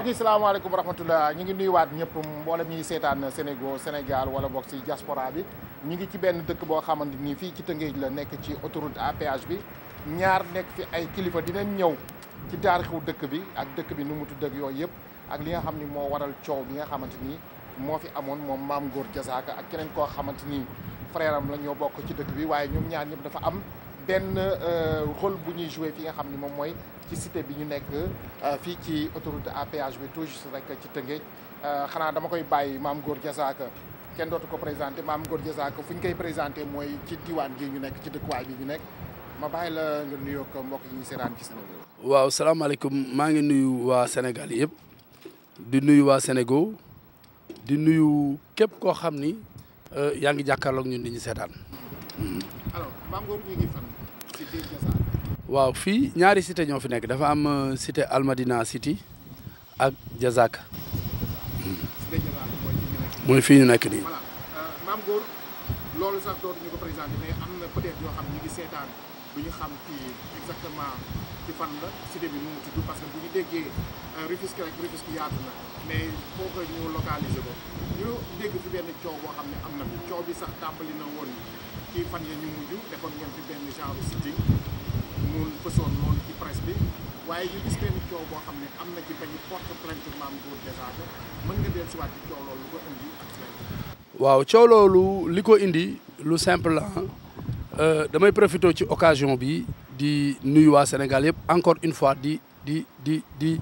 mbokk yi salaamaaleykum wa rahmatullah ñu ngi nuyuwaat ñëpp mboolem ñuy seetaan Sénégal Sénégal wala bokk si diaspora bi ñu ngi ci benn dëkk boo xamante ni fii ci Tëngéej la nekk ci autoroute à bi ñaar nekk fi ay kilifa dinañ ñëw ci taarixu dëkk bi ak dëkk bi nu mu tudd yooyu yëpp ak li nga xam ni moo waral coow bi nga xamante ni moo fi amoon moom maam Góor Jasaaka ak keneen koo xamante ni frère am la ñoo bokk ci dëkk bi waaye ñoom ñaar ñëpp dafa am benn euh, rôle bu ñuy joué fi nga xam ni moom mooy ci cité bi ñu nekk euh, fii ci autoroute à bi toujours juste rek ci Tëngéej euh, xanaa dama koy bàyyi maam Góor Diazaka kenn dootu ko présenté maam Góor Diazaka fu ñu koy présenté mooy ci diwaan gi ñu nekk ci dëkkuwaay bi ñu nekk ma bàyyi la nga nuyoo ak mbokk yi ñu seetaan ci Sénégal. waaw salaamaaleykum maa ngi nuyu waa Sénégal yëpp di nuyu waa Sénégal di nuyu képp koo xam ni euh, yaa ngi jàkkaarloog ñun di ñu seetaan. alors maam Góor waaw fii ñaari cité ñoo fi nekk dafa am euh, cité Almadina City ak Jazaka mooy fii ñu nekk nii. Euh, maam Góor loolu sax dootu ñu ko présenté bi mu ngi parce que bu ñu déggee euh, Rufisque rek Rufisque yaatu na mais foo ko ñu localiser ko ñu dégg fi benn coow boo xam ne am na fi coow bi sax tàmbali na woon ci fan ya ñu mujj defoon ngeen benn genre cité. loolu fësoon waaw coow li ko indi lu simple la euh, damay profité ci occasion bi di nuyu waa Sénégal yëpp encore une fois di di di di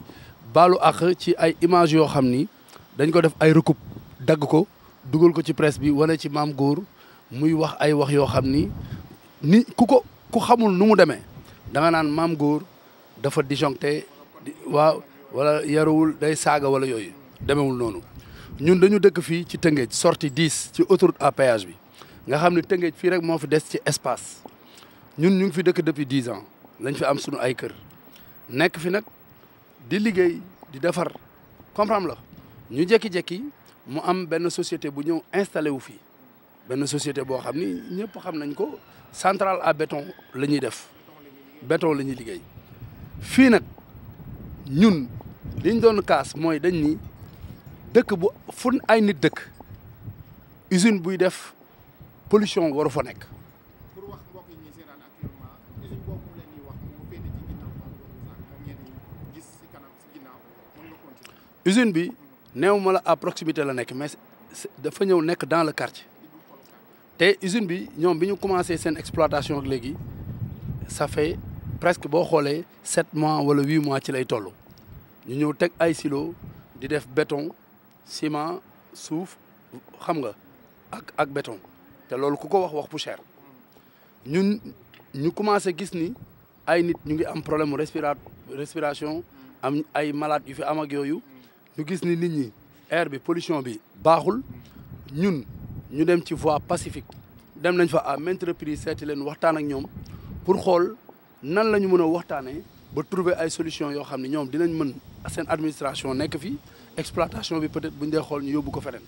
baalu ak ci ay images yoo xam ni dañ ko def ay recoupe dagg ko dugal ko ci presse bi wane ci maam góor muy wax ay wax yoo xam ni ni ku ko ku xamul nu mu demee da nga naan maam góor dafa disjoncté waaw wala yarawul day saaga wala yooyu demewul noonu ñun dañu dëkk fii ci Tëngéej sorti 10 ci autoroute à péage bi nga xam ne Tëngéej fii rek moo fi des ci espace ñun ñu ngi fi dëkk depuis 10 ans lañ fi am suñu ay kër nekk fi nag di liggéey di defar comprendre la ñu jekki-jekki mu am benn société bu ñëw installé wu fii benn société boo xam ni ñëpp xam nañ ko central à béton la ñuy def béton la ñuy liggéey fii nag ñun liñ doon kaas mooy dañ ni dëkk bu fu ay nit dëkk usine buy def pollution waru fa nekk. usine bi néew ma la à proximité la nekk mais dafa ñëw nekk dans la quartier te usine bi ñoom bi ñu commencé seen exploitation ak léegi ça presque boo xoolee sept mois wala huit mois ci lay toll ñu ñëw teg ay silo di def beton ciment suuf xam nga ak ak béton te loolu ku ko wax wax bu cher ñun ñu commencé gis ni ay nit ñu ngi am problème respira respiration am ay malade yu fi am ak yooyu ñu gis ni nit ñi air bi pollution bi baaxul ñun ñu dem ci voie pacifique dem nañ fa à maintes seeti leen waxtaan ak ñoom pour xool nan la ñu mën a waxtaanee ba trouver ay solution yoo xam ne ñoom dinañ mën seen administration nekk fi exploitation bi peut-être bu ñu dee xool ñu yóbbu ko feneen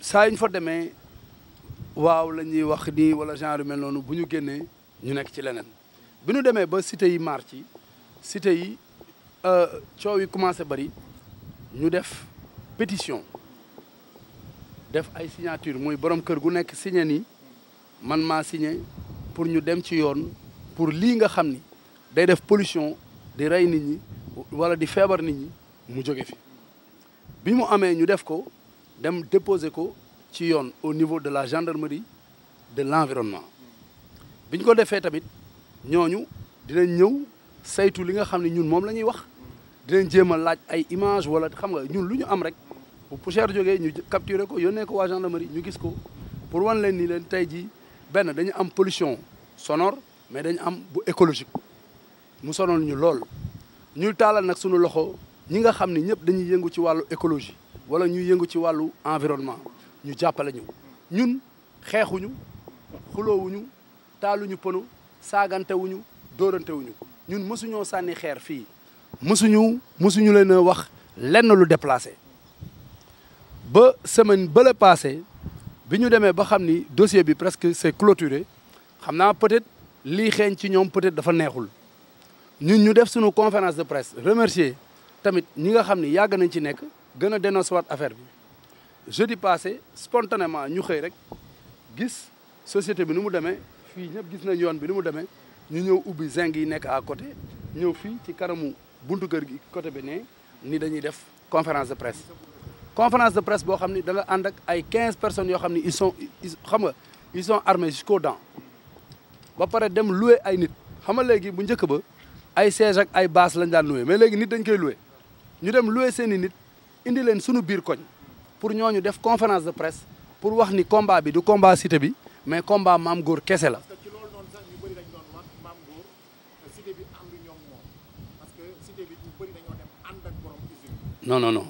saa yu ñu fa demee waaw la ñuy wax nii wala genre yu noonu bu ñu génnee ñu nekk ci leneen bi ñu demee ba cité yi maar ci cité yi euh, coow yi commencé bari ñu def pétition def ay signature mooy borom kër gu nekk signé nii man maa signé pour ñu dem ci yoon pour lii nga xam ni day def pollution di rey nit ñi wala di feebar ni ñi mu jóge fi bi mu amee ñu def ko dem déposer ko ci yoon au niveau de la gendarmerie de l'environnement bi ñu ko defee tamit ñooñu dinañ ñëw saytu li nga xam ne ñun moom la ñuy wax dinañ jéem a laaj ay image wala xam nga ñun lu ñu am rek bu poussière jógee ñu capturer ko yónnee ko waa gendarmerie ñu gis ko pour wan leen nii leen tey jii benn dañu am pollution sonore mais dañ am bu écologique mu sonoon ñu lool ñu taalal nag suñu loxo ñi nga xam ne ñëpp dañuy yëngu ci wàllu écologie wala ñu yëngu ci wàllu environnement ñu jàppale ñu ñun xeexuñu xuloowuñu taaluñu pono saagantewuñu dóorantewuñu ñun mësuñoo sànni xeer fii mësuñu mësuñu leen a wax lenn lu déplacé ba semaine bële passé bi ñu demee ba xam ni dossier bi presque c'est clôturé xam naa peut-être lii xeeñ ci ñoom peut-être dafa neexul ñun ñu def suñu conférence de presse remercier tamit ñi nga xam ni yàgg nañ ci nekk gën a dénoncé waat affaire bi jeudi passé spontanément ñu xëy rek gis société bi nu mu demee fii ñëpp gis nañ yoon bi ni mu demee ñu ñëw ubbi zinc yi nekk à côté ñëw fii ci kanamu buntu kër gi côté bi ne ni dañuy def conférence de presse conférence de presse boo xam ni da nga ànd ak ay quinze personnes yoo xam ni ils sont xam nga ils sont armés jusqu'aux dents ba pare dem loué ay nit xam nga léegi bu njëkk ba ay siège ak ay bâche lañ daan loué mais léegi nit dañ koy loué ñu dem loué seeni nit indi leen suñu biir koñ pour ñooñu def conférence de presse pour wax ni combat bi du combat cité bi mais combat maam góor kese la. non non non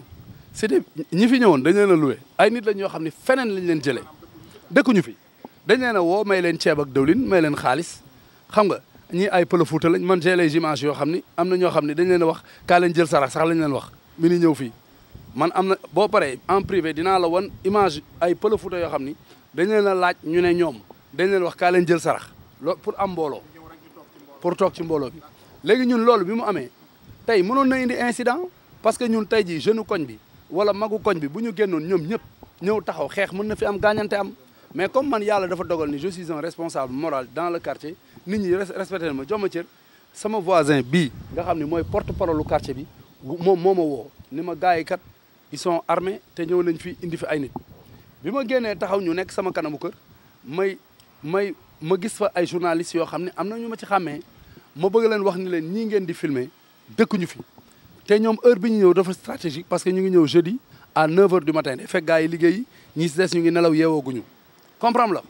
cité ñi fi ñëwoon dañ leen ay nit lañ yoo xam ne feneen lañ leen jëlee dëkkuñu fi. dañu leen a woo may leen ceebak ak dëwlin may leen xaalis xam nga ñii ay pël Fuuta lañ man j'ai les image yoo xam ni am na ñoo xam ne dañ leen a wax kaa leen jël sarax sax lañ leen wax mi ni ñëw fii man am na boo paree en privé dinaa la wan image ay pël yoo xam ni dañ leen a laaj ñu ne ñoom dañ leen wax kaa leen jël sarax loolu pour am mbooloo pour toog ci mbooloo bi léegi ñun loolu bi mu amee tey mënoon na indi incident parce que ñun tey jii jeune koñ bi wala magu koñ bi bu ñu génnoon ñoom ñëpp ñëw taxaw xeex mën na fi am gaañante am mais comme man yàlla dafa dogal ni je suis un responsable moral dans le quartier ni ñi respecté na ma jox ma cër sama voisin bii nga xam ne mooy porte parole lu quartier bi moom moo ma woo ni ma gars yi kat ils sont armés te ñëw nañ fi indi fi ay nit bi ma génnee taxaw ñu nekk sama kanamu kër may may ma gis fa ay journalistes yoo xam ne am na ñu ma ci xàmmee ma bëgg leen wax ni leen ñii ngeen di filmer dëkkuñu fi te ñoom heure bi ñu ñëw dafa stratégique parce que ñu ngi ñëw jeudi à 9h du yi liggéey ñi si des ngi nelaw yeewooguñu comprendre la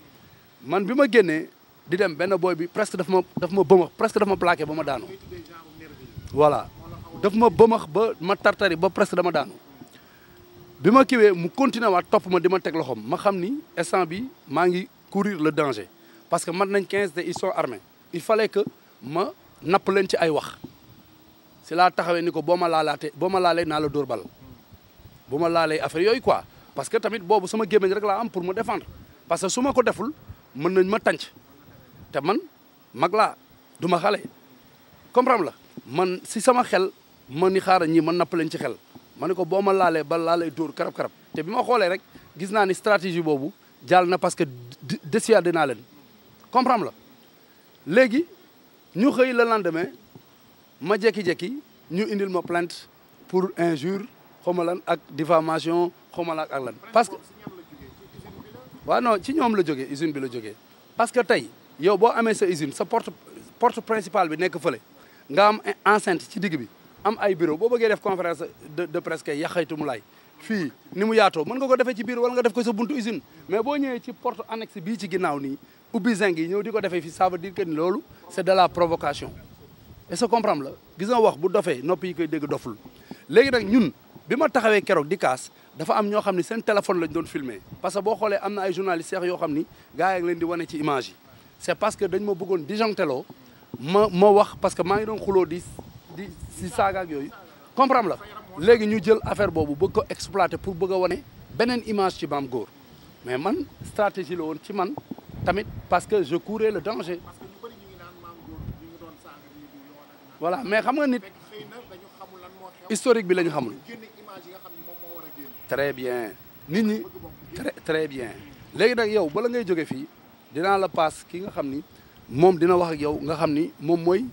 man bi ma génnee di dem benn booy bi presque daf ma daf ma bëmax presque daf ma plaqué ba ma daanu voilà daf ma bëmax ba ma tartari ba presque dama daanu bi ma kiwee mu continué waat topp ma di ma teg loxoom ma xam ni instant bi maa ngi courir le danger parce que man nañ 15 te ils sont armés il fale que ma napp leen ci ay wax si laa taxawee ni ko boo ma laalaate boo ma laalee naa la dóor bal bu ma laalee affaire yooyu quoi parce que tamit boobu sama gémmiñ rek laa am pour me défendre parce que su ma ko deful mën nañ ma tànc te man mag laa du ma xale comprendre la man si sama xel ma ni xaaral ñii man napp leen ci xel ma ne ko boo ma laalee ba laale dóor karab-karab te bi ma xoolee rek gis naa ni stratégie boobu jaal na parce que dissuadé naa leen comprendre la léegi ñu xëy le lendemain ma jekki-jekki ñu indil ma plante pour injure xaw ma lan ak diffamation xaw ma lan ak lan parce que waaw non ci ñoom la jógee usine bi la jógee parce que tey yow boo amee sa usine sa porte porte principale bi nekk fële nga am enceinte ci digg bi am ay bureau boo bëggee def conférence de de presse kay yaxaytu laay fii ni mu yaatoo mën nga ko defee ci biir wala nga def ko sa buntu usine mais boo ñëwee ci porte annexe bii ci ginnaaw nii ubbi zinc yi ñëw di ko defee fii ça veut dire que ni loolu c'est de la provocation est-ce que la gis wax bu dofee nopp yi koy dégg doful léegi nag ñun bi ma taxawee keroog di kaas dafa am ñoo xam ne seen téléphone lañ doon filmer parce que boo xoolee am na ay journalistes yoo xam ni gars yi leen di wane ci image yi c'est parce que dañ ma bëggoon disjoncteloo ma ma wax parce que maa ngi doon xuloo di di si saaga ak yooyu comprendre la léegi ñu jël affaire boobu bëgg ko exploiter pour bëgg a wane beneen image ci Mame Goor mais man stratégie la woon ci man tamit parce que je courais le danger wala mais xam nga nit historique bi la ñu xamul très bien nit ñi très bien léegi nag yow bala ngay jóge fii dinaa la paas ki nga xam ni moom dina wax ak yow nga xam ni moom mooy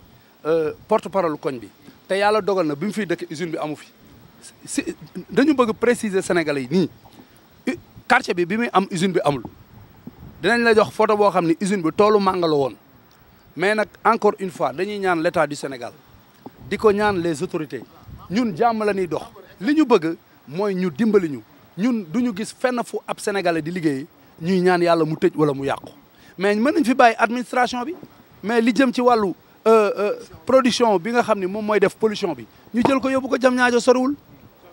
euh, porte parole koñ bi te yàlla dogal na bi mu fiy dëkk usine bi amu fi si dañu bëgg préciser Sénégalais yi nii quartier bi bi muy am usine bi amul dinañ la jox photo boo xam ni usine bi toolu mànga woon mais nag encore une fois dañuy ñaan l' du Sénégal di ko ñaan les autorités ñun jàmm la ñuy dox li ñu bëgg mooy ñu dimbali ñu ñun du ñu gis fenn fu ab sénégalais di liggéey ñuy ñaan yàlla mu tëj wala mu yàqu mais mën nañ fi bàyyi administration bi mais li jëm ci wàllu euh, euh, production bi nga xam ne moom mooy def pollution bi ñu jël ko yóbbu ko jam ñaajo soriwul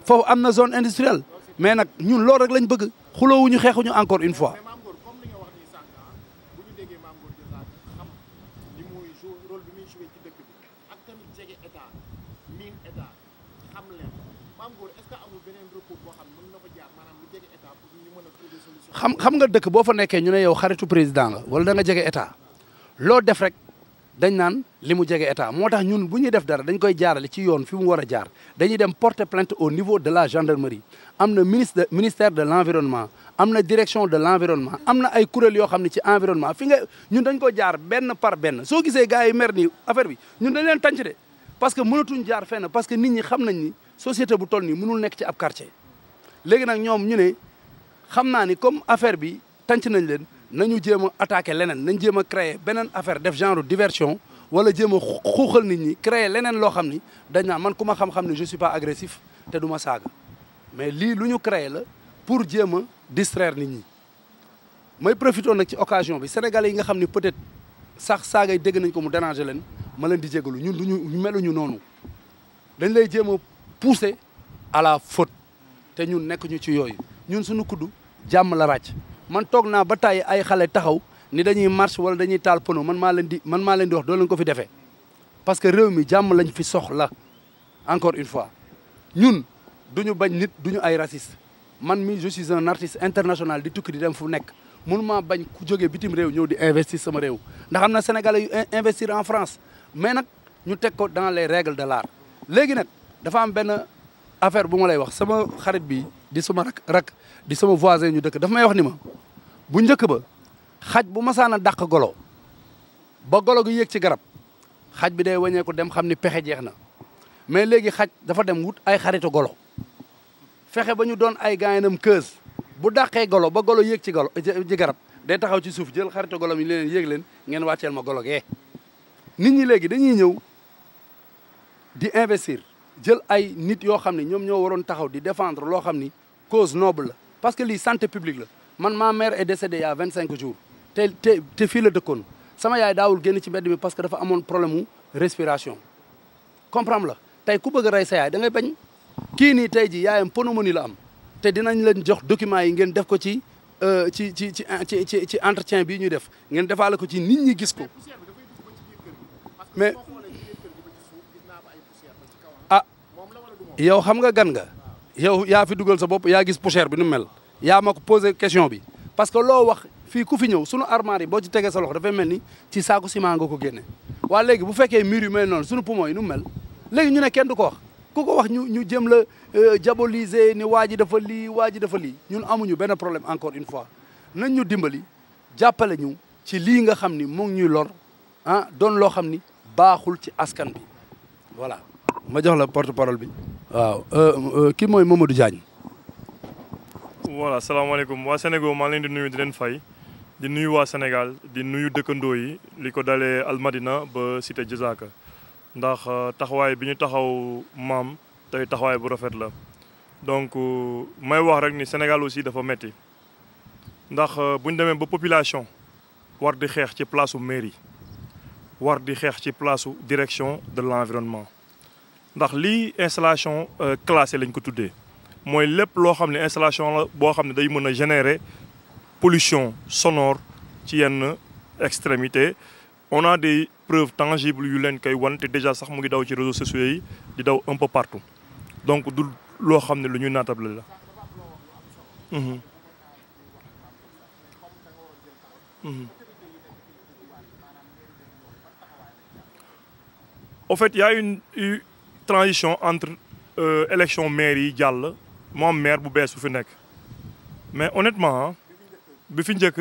foofu am na zone industrielle mais nag ñun loolu rek lañ bëgg xuloowuñu xeexuñu encore une fois xam xam nga dëkk boo fa nekkee ñu ne yow xaritu président la wala da nga jege état loo def rek dañ naan li mu jege état moo tax ñun bu ñuy def dara dañ koy jaarale ci yoon fi mu war a jaar dañuy dem porter plainte au niveau de la gendarmerie am na ministre ministère de l' environnement am na direction de l' environnement am na ay kuréel yoo xam ne ci environnement fi nga ñun dañ ko jaar benn par benn soo gisee gars yi mer nii affaire bi ñun dañ leen tànc de parce que mënatuñ jaar fenn parce que nit ñi xam nañ ni bu toll nii mënul nekk ci ab quartier léegi nag ñoom ñu ne xam naa ni comme affaire bi tànc nañ leen nañu jéem a attaqué leneen nañ jéem a créé beneen affaire def genre diversion wala jéem a xuuxal nit ñi créer leneen loo xam ni dañ naa man ku ma xam-xam ni je suis pas agressif te du ma saaga mais lii lu ñu créé la pour jéem a distraire nit ñi may profité nag ci occasion bi sénégalais yi nga xam ni peut-être sax saagay dégg nañ ko mu déranger leen ma leen di jégalu ñun du ñu duñu ñu noonu dañ lay jéem a pousser à la te ñun nekk ñu ci yooyu ñun suñu kudd jàmm la ràcc man toog naa ba tàyyi ay xale taxaw ni dañuy marche wala dañuy taal pono man maa leen di man maa leen di wax doo leen ko fi defee parce que réew mi jàmm lañ fi soxla encore une fois ñun du ñu bañ nit duñu ay raciste man mi je suis un artiste international di tukki di dem fu nekk mënu maa bañ ku jógee bitim réew ñëw di investir sama réew ndax am na sénégalais yu investir en France mais nag ñu teg ko dans les règles de l'art léegi nag dafa am benn affaire bu ma lay wax sama xarit bi di suma rak rak di suma voisin ñu dëkk dafa may wax ni ma bu njëkk ba xaj bu masaana dàq golo ba golo gi yéeg ci garab xaj bi day wañeeku dem xam ni pexe jeex na mais léegi xaj dafa dem wut ay xaritu golo fexe ba ñu doon ay gaayanam keus bu dàqee golo ba golo yéeg ci golo garab day taxaw ci suuf jël xaritu golo mi leen yéeg leen ngeen wàcceel ma golo gee nit ñi léegi dañuy ñëw di investir jël ay nit yoo xam ne ñoom ñoo waroon taxaw di défendre loo xam ni cause noble la parce que lii santé publique la man ma mère est décédée il y a vingt cinq jours te te fii la dëkkoon sama yaay daawul génn ci mbedd mi parce que dafa amoon problème mu respiration comprendre la tey ku bëgg a rey sa yaay da ngay bañ kii nii tey ji yaayam pneumonie la am te dinañ leen jox documents yi ngeen def ko ci euh, ci ci ci ci ci entretien bii ñuy def ngeen defaale ko ci nit ñi gis ko mais ah yow xam nga gan nga yow yaa fi dugal sa bopp yaa gis poussière bi nu mel yaa ma ko posé question bi parce que loo wax fii ku fi ñëw sunu armoire boo ci tegee sa loxo dafay mel ni ci saaku ciment nga ko génne waa léegi bu fekkee mur yu mel noonu sunu poumon yi nu mel léegi ñu ne kenn du ko wax ku ko wax ñu ñu jëm la euh, diaboliser ni waa ji dafa lii waa ji dafa lii ñun amuñu benn problème encore une fois nañ ñu dimbali jàppale ñu ci lii nga xam ni mu ngi ñuy lor ah doon loo xam ni baaxul ci askan bi voilà ma jox la porte parole bi. waaw euh, euh, kii mooy Mamadou Diagne. voilà salaamaaleykum waa Sénégal maa ngi leen di nuyu di leen fay di nuyu waa Sénégal di nuyu dëkkandoo yi li ko dalee Almadina ba cité Diazaka ndax euh, taxawaay bi ñu taxaw maam tey taxawaay bu rafet la. donc may wax rek ni Sénégal aussi dafa metti ndax bu ñu demee ba population war di xeex ci place su mairie war di xeex ci place su direction de l'environnement. ndax lii installation euh, classée lañ ko tuddee mooy lépp loo xam ne installation la boo xam ne day mën a générer pollution sonor ci yenn extrémité on a des preuves tangibles yu leen koy wante te déjà sax mu ngi daw ci réseaux sociaux yi di daw un peu partout donc du loo xam ne lu ñuy naatable la. en mhm. mhm. fait transition entre euh, élection maire yi jàll mo am maire bu bees bu fi nekk mais honnêtement bi fi njëkk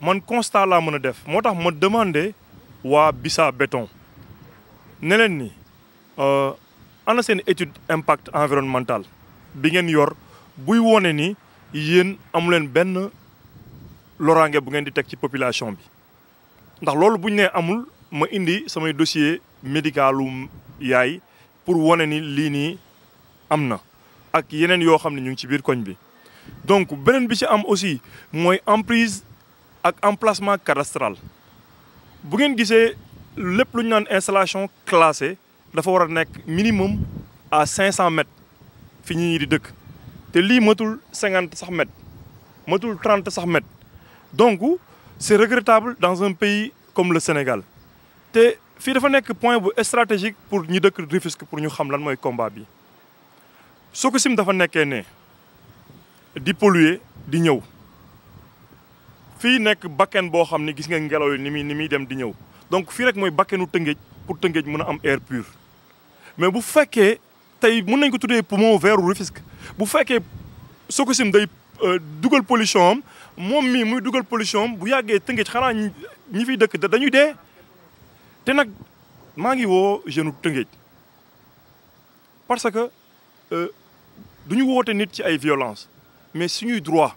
man constat laa mën a def moo tax ma demandé waa Bissa Béton ne leen ni euh, ana seen étude impact environnemental bi ngeen yor buy wone ni yéen amuleen benn loraange bu ngeen di teg ci population bi ndax loolu buñ ne amul ma indi samay dossier médicalu yaay pour wane ni lii nii am na ak yeneen yoo xam ne ñu ngi ci biir koñ bi donc beneen bi ci am aussi mooy emprise ak emplacement cadastral bu ngeen gisee lépp lu ñu naan installation classée dafa war a nekk minimum à 500 mètres fi ñi di dëkk te lii matul 50 sax mètres matul 30 sax mètres donc c'est regrettable dans un pays comme le Sénégal te fii dafa nekk point bu stratégique pour ñu dëkk Rufisque pour ñu xam lan mooy combat bi Sococim dafa nekkee ne di polluer di ñëw fii nekk bakken boo xam ne gis nga ngelaw yi ni muy ni muy dem di ñëw donc fii rek mooy bakkenu Tëngéej pour Tëngéej mën a am air pur mais bu fekkee tey mën nañ ko tuddee poumon vert Rufisque bu fekkee Sococim day euh, dugal pollution am moom mii muy dugal pollution am bu yàggee Tëngéej xanaa ñi fiy dëkk dañuy dee te nag maa ngi woo jeune Tëngéej parce que euh, du ñu woote nit ci ay violence mais suñuy droit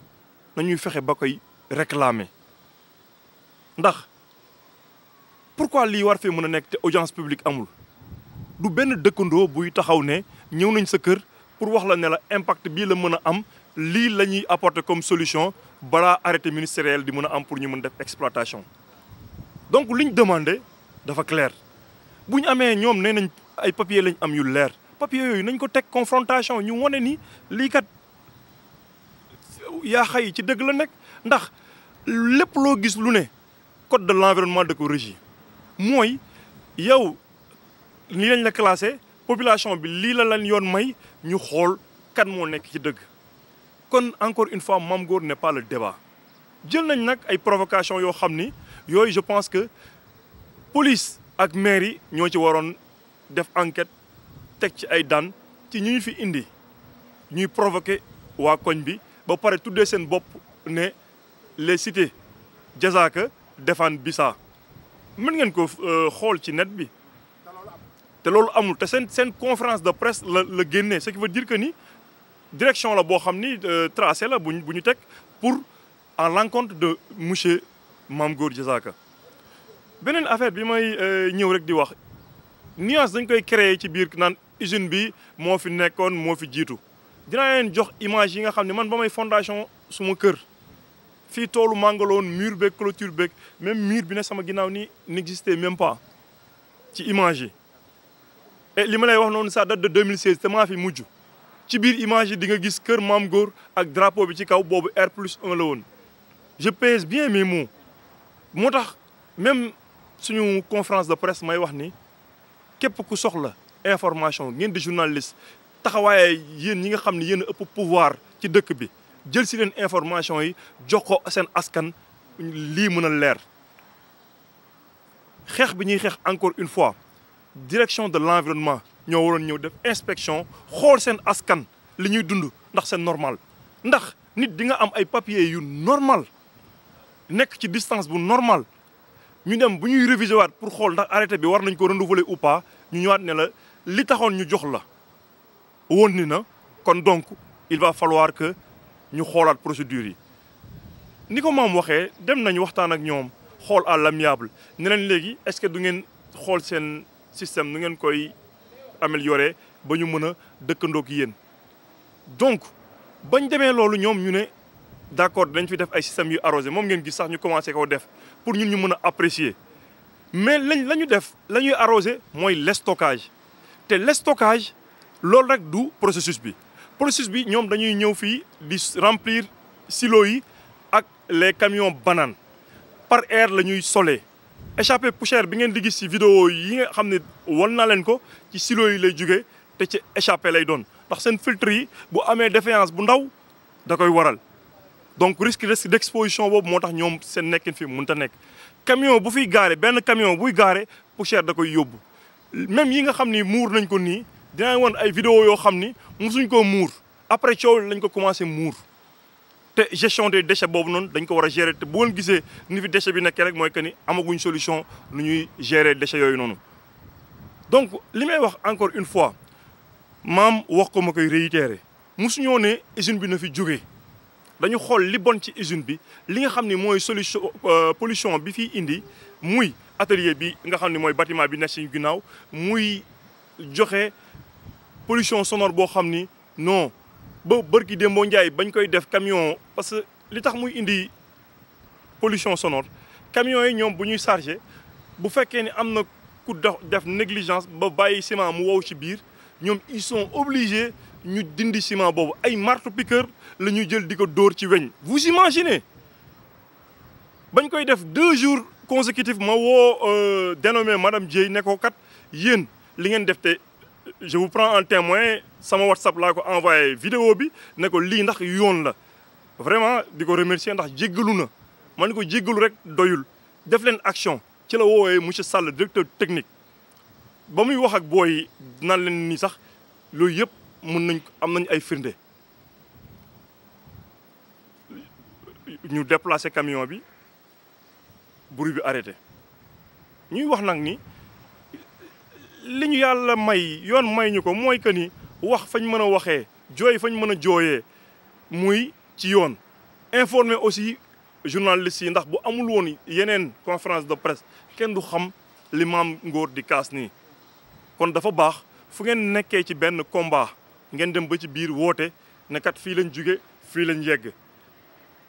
nañuy fexe ba koy réclamer ndax pourquoi lii war fee mën a nekk te audience publique amul du benn dëkkandoo buy taxaw ne ñëw nañ sa kër pour wax la ne la impact bii la mën a am lii la ñuy apporter comme solution balaa arrêté ministériel di mën a am pour ñu mën def exploitation donc liñ demandé dafa claire bu ñu amee ñoom nee nañ ay papier lañ am yu leer papier yooyu nañ ko teg confrontation ñu wane ni lii kat yaa xay ci dëgg la nekk ndax lépp loo gis lu ne code de l'environnement da ko régi mooy yow nii lañ la classé population bi lii la lan yoon may ñu xool kan moo nekk ci dëgg kon encore une fois Mame Gor ne pas le débat jël nañ nag ay provocation yoo xam ni yooyu je pense que police ak maire yi ñoo ci waroon def enquête teg ci ay daan ci ñu ñu fi indi ñuy provoqué waa koñ bi ba pare tuddee seen bopp ne les cités jasaka Défane Bissa mën ngeen ko euh, xool ci net bi te loolu amul te seen seen de presse la la génnee ce qui veut dire que ni direction la boo xam ni euh, tracé la bu ñu teg pour en l'encontre de monsieur Mame Gor Diazaka beneen affaire bi may euh, ñëw rek di wax nuance dañ koy créer ci biir naan usine bi moo fi nekkoon moo fi jiitu dinaa leen jox image yi nga xam ne man ba may fondation suma kër fii toolu màngaloon mur beeg clôture beeg même mur bi ne sama ginnaaw ni n'existait même pas ci image yi li ma lay wax noonu ça date de 2016 te maa fi mujj ci biir image yi di nga gis kër maam góor ak drapeau bi ci kaw boobu R plus 1 la woon je pèse bien mes mots moo tax même suñu confrance de presse may wax ni képp ku soxla information ngeen di journaliste taxawaaye yéen ñi nga xam ne yéen a ëpp pouvoir ci dëkk bi jël si leen information yi jox ko seen askan lii mën a leer xeex bi ñuy xeex encore une fois direction de l'environnement ñoo waroon ñëw def inspection xool seen askan li ñuy dund ndax seen normal ndax nit di nga am ay papiers yu normal nekk ci distance bu normal ñu dem bu ñuy réviser waat pour xool ndax arrêté bi war nañ ko renouveler ou pas ñu ñëwaat ne la li taxoon ñu jox la woon ni na kon donc il va falloir que ñu xoolaat procédure yi ni ko moom waxee dem nañu waxtaan ak ñoom xool à l'amiable ne léegi est-ce que du ngeen xool seen système nu ngeen koy améliorer ba ñu mën a dëkkandoo dëkkandoog yéen donc ñu demee loolu ñoom ñu ne d'accord dañ fi def ay systèmes yu arrosé moom ngeen gis sax ñu commencé koo def pour ñun ñu mën a apprécier mais lañ la ñu def la ñuy arrosé mooy le te le stockage loolu rek du processus bi processus bi ñoom dañuy ñëw fii di remplir silos yi ak les camions banaan par air la ñuy solee échappé poussière bi ngeen di gis ci video yi nga xam ne wan naa leen ko ci silos yi lay jóge te ci échappé lay doon ndax seen filtre yi bu amee défaillance bu ndaw da koy waral donc risque risque d'exposition boobu moo tax ñoom seen nekkin fi mun ta nekk camion bu fiy gaare benn camion buy gaare poussière da koy yóbbu même yi nga xam ni muur nañ ko nii dinaa woon ay vidéo yoo xam ni mosuñ koo muur après coow lañ ko commencé muur te gestion des déchets boobu noonu dañ ko war a gérer te bu ngeen gisee ni fi déchet bi nekkee rek mooy que ni amaguñ solution nu ñuy géré déchets yooyu noonu donc li may wax encore une fois maam wax ko ma koy réitérer mosuñoo bi na fi jógee dañu xool li bon ci usine bi li nga xam ni mooy solution euh, pollution bi fi indi muy atelier bi nga xam ni mooy bâtiment bi nekk si ginnaaw muy joxe pollution sonore boo xam ni non ba bërki démboo njaay bañ koy def camion parce que li tax muy indi pollution sonore camions yi ñoom bu ñuy chargé bu fekkee ni am na ku def négligence ba bàyyi ciment mu wow ci biir ñoom ils son obligés ñu dindi ciment boobu ay marteau piqueur la ñuy jël di ko dóor ci weñ vous imaginez bañ koy def deux jours consécutifs ma woo euh, dénommé madame Dieye ne ko kat yéen li ngeen def te je vous prends en témoin sama whatsapp laa ko envoyé vidéo bi ne ko lii ndax yoon la vraiment di ko remercier ndax jéggalu na man ko jéggalu rek doyul def leen action ci la woowee monsieur Sall directeur technique ba muy wax ak booy naan leen ni sax loolu yëpp mun nañ am nañ ay firnde ñu déplacé camion bi bruit bi arrêté ñuy wax nag ni li ñu yàlla may yoon may ñu ko mooy que ni wax fañ mën a waxee jooy fañ mën a jooyee muy ci yoon informer aussi journalistes yi ndax bu amul woon yeneen conférence de presse kenn du xam li maam ngóor di kaas nii kon dafa baax fu ngeen nekkee ci benn combat ngeen dem ba ci biir woote ne kat fii lañ jóge fii lañ yegg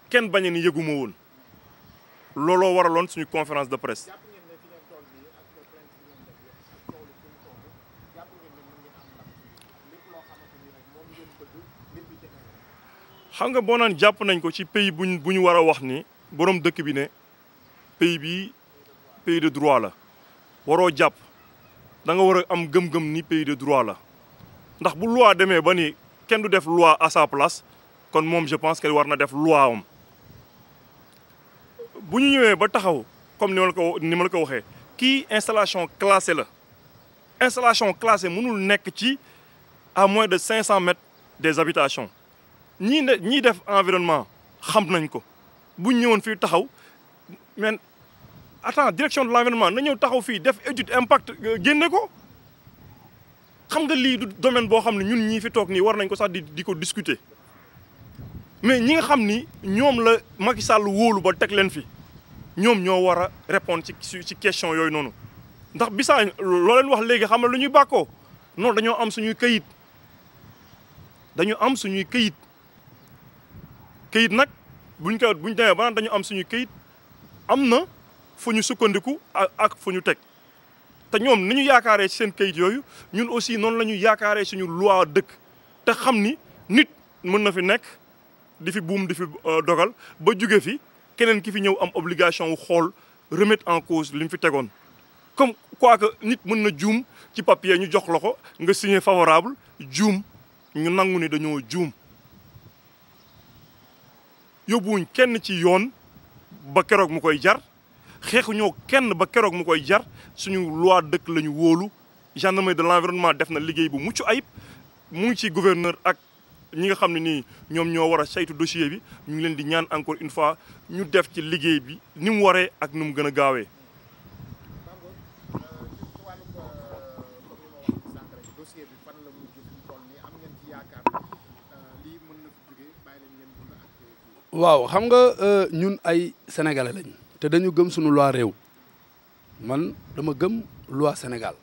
kenn bañ ni yëguma woon looloo waraloon suñu conférence de presse. xam nga boo naan jàpp nañ ko ci pays buñ buñu ñu war a wax ni boroom dëkk bi ne pays bi pays de droit la waroo jàpp da nga war a am gëm-gëm ni pays de droit la. ndax bu loi demee ba ni kenn du def loi à sa place kon moom je pense que war na def loi am bu ñu ñëwee ba taxaw comme ni ma la ko ni ma la ko waxee kii installation classée la installation classée mënul nekk ci à moins de cinq cent mètres des habitations ñii ne ñii def environnement xam nañ ko bu ñu ñëwoon fii taxaw mais attends direction de l'environnement na ñëw taxaw fii def étude impact euh, génne ko xam nga lii du domaine boo xam ne ñun ñii fi toog nii war nañ ko sax di di ko discuter mais ñi nga xam ni ñoom la Macky Sall wóolu ba teg leen fi ñoom ñoo war a répondre ci ci question yooyu noonu ndax bisaa loo wax léegi xam na lu ñuy bàkkoo non dañoo am suñuy këyit dañu am suñuy këyit këyit nag buñ ko buñ demee ba naan dañu am suñuy këyit am na fu ñu sukkandiku ak fu ñu teg te ñoom ni ñu yaakaaree seen kayit yooyu ñun aussi noonu la ñu yaakaaree suñu loi dëkk te xam ni nit mën na fi nekk di fi buum di fi euh, dogal ba jóge fi keneen ki fi ñëw am obligation wu xool remettre en cause li fi tegoon comme quoi que nit mën na juum ci papier ñu jox la ko nga signé favorable juum ñu nangu ni dañoo juum yóbbuwuñ kenn ci yoon ba keroog mu koy jar xeexuñoo kenn ba keroog mu koy jar suñu loi dëkk lañu ñu wóolu gendarmerie de l'environnement def na liggéey bu mucc ayib mu ngi ci gouverneur ak ñi nga xam ne nii ñoom ñoo war a saytu dossier bi ñu ngi leen di ñaan encore une fois ñu def ci liggéey bi ni mu waree ak ni mu gën gaawee. waaw xam nga euh, ñun ay sénégalais lañ te dañu gëm suñu loi réew man dama gëm loi Sénégal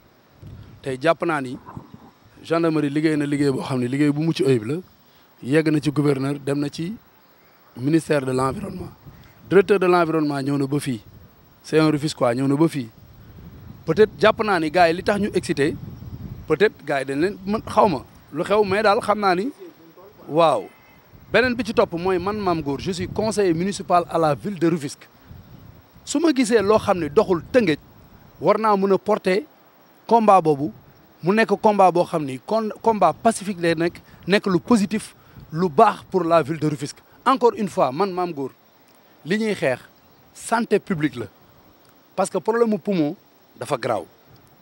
tey jàpp naa ni gendarmerie liggéey na liggéey boo xam ne liggéey bu mucc ayib la yegg na ci gouverneur dem na ci ministère de l' environnement directeur de l' environnement ñëw na ba fii c'est un refus ñëw na ba fii peut-être jàpp naa ni gars yi li tax ñu excité peut-être gars yi dañ leen man xaw ma lu xew mais daal xam naa ni waaw beneen bi ci topp mooy man maam Goor je suis conseiller municipal à la ville de Rufisque su ma gisee loo xam ne doxul tëngëj war naa mun a porter combat boobu mu nekk combat boo xam ni kon combat pacifique lay nekk nekk lu positif lu baax pour la ville de Rufisque encore une fois man maam góor li ñuy xeex sante publique la parce que problème mu poumon dafa garaaw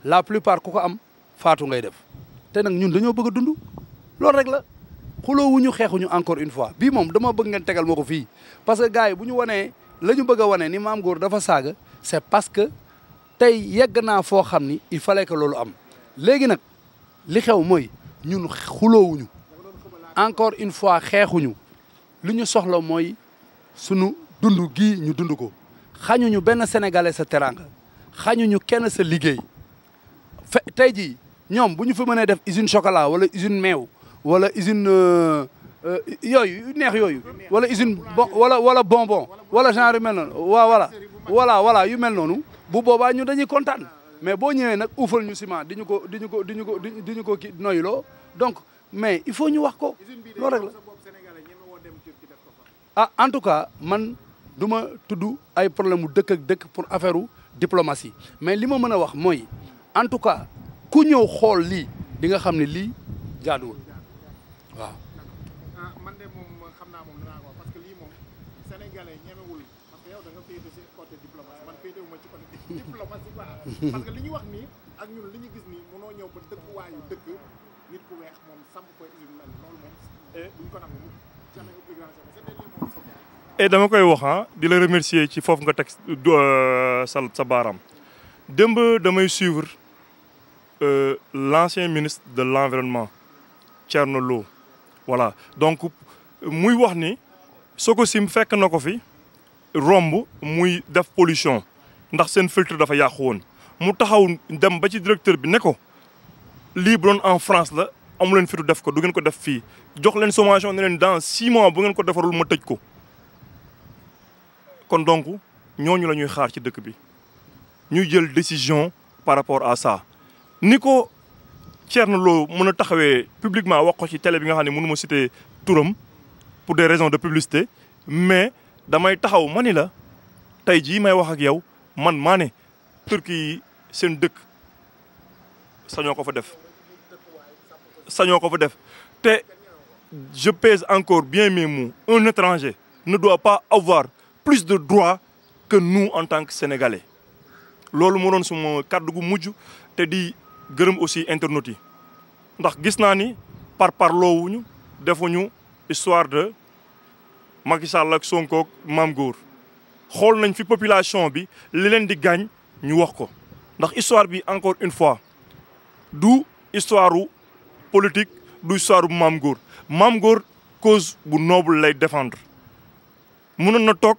la plupart ku ko am faatu ngay def te nag ñun dañoo bëgg a dund loolu rek la xuloo wu ñu xeexuñu encore une fois bii moom dama bëgg ngeen tegal ma ko fii parce que bu ñu wanee la ñu bëgg a wane ni maam góor dafa saaga c'est parce que tey yegg naa foo xam ni il fallait loolu am léegi nag li xew mooy ñun xuloowuñu encore une fois xeexuñu lu ñu soxla mooy sunu dund gii ñu dund ko xañuñu benn sénégalais sa teraanga xañuñu kenn sa liggéey fe tey jii ñoom bu ñu fi mënee def usine chocolat wala usine meew wala usine euh, Euh, yooyu neex yooyu wala usine bon wala wala bonbon wala genre yu mel noonu waaw voilà voilà voilà yu mel noonu bu boobaa ñu dañuy kontaan mais boo ñëwee nag uufal ñu ciment di ñu ko di ñu ko di ñu ko di ñu ko kii noyuloo donc mais il faut ñu wax ko loolu rek la ah en tout cas man du ma tudd ay problème mu dëkk ak dëkk pour affaire u diplomatie mais li ma mën a wax mooy en tout cas ku ñëw xool lii di nga xam ne lii jaaduwul parce que li eh. eh, dama koy wax ah, di la remercier ci foofu nga teg euh, sa sa baaraam démb damay suivre euh, l'ancien ministre de l'environnement Thierno Lo voilà donc muy wax ni Sococim fekk na ko fi romb muy def pollution ndax seen filtre dafa yàqu woon mu taxaw dem ba ci directeur bi ne ko lii bu doon en France la amu leen fitu def ko du ngeen ko def fii jox leen sommation ne leen dans six mois bu ngeen ko defarul ma tëj ko kon donc ñooñu la ñuy xaar ci dëkk bi ñuy jël décision par rapport à ça ni ko na loo mën a taxawee publiquement wax ko ci télé bi nga xam ne mënu ma citer turam pour des raisons de publicité mais damay taxaw ma ni la tey jii may wax ak yow man maa ne turki yi seen dëkk sañoo ko fa def sañoo ko fa def te je pèse encore bien mes mots un étranger ne doit pas avoir plus de droit que nous en tant que sénégalais loolu moo doon suma kàddu gu mujj te di gërëm aussi internautes yi ndax gis naa ni par parloowuñu defuñu histoire de Macky Sall ak Sonko ak Mame xool nañ fi population bi li leen di gaañ ñu wax ko ndax histoire bi encore une fois du histoire politique du histoire bu maam góor maam góor cause bu noble lay défendre mënoon na toog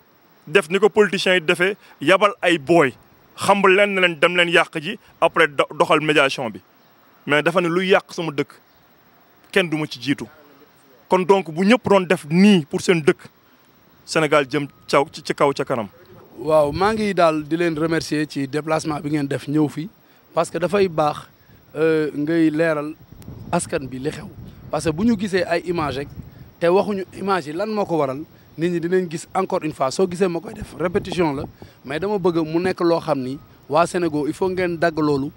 def ni ko politiciens yi defee yabal ay booy xamb leen ne leen dem leen yàq ji après doxal médiation bi mais dafa ne luy yàq sama dëkk kenn du ma ci jiitu kon donc bu ñëpp doon def nii pour seen dëkk Sénégal jëm caw ci kaw ca kanam waaw maa ngi daal di leen remercier ci déplacement bi ngeen def ñëw fii parce que dafay baax euh, ngay leeral askan bi li xew parce que bu ñu gisee ay image rek te waxuñu image lan moo ko waral nit ñi dinañ gis encore une fois soo gisee ma koy def répétition la mais dama bëgg mu nekk loo xam ni waa Sénégal il faut ngeen dagg loolu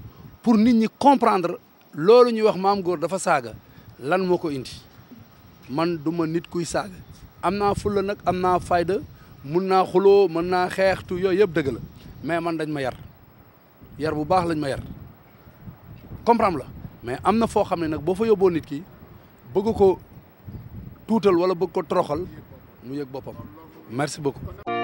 pour nit ñi comprendre loolu ñuy wax maam góor dafa saaga lan moo ko indi man duma nit kuy saaga am naa fulla nag am naa fayda mun naa xuloo mën naa xeextu yooyu yëpp dëgg la mais man dañ ma yar yar bu baax lañ ma yar comprendre la mais am na foo xam ne nag boo fa yóbboo nit ki bëgg ko tuutal wala bëgg ko toroxal mu yëg boppam merci beaucoup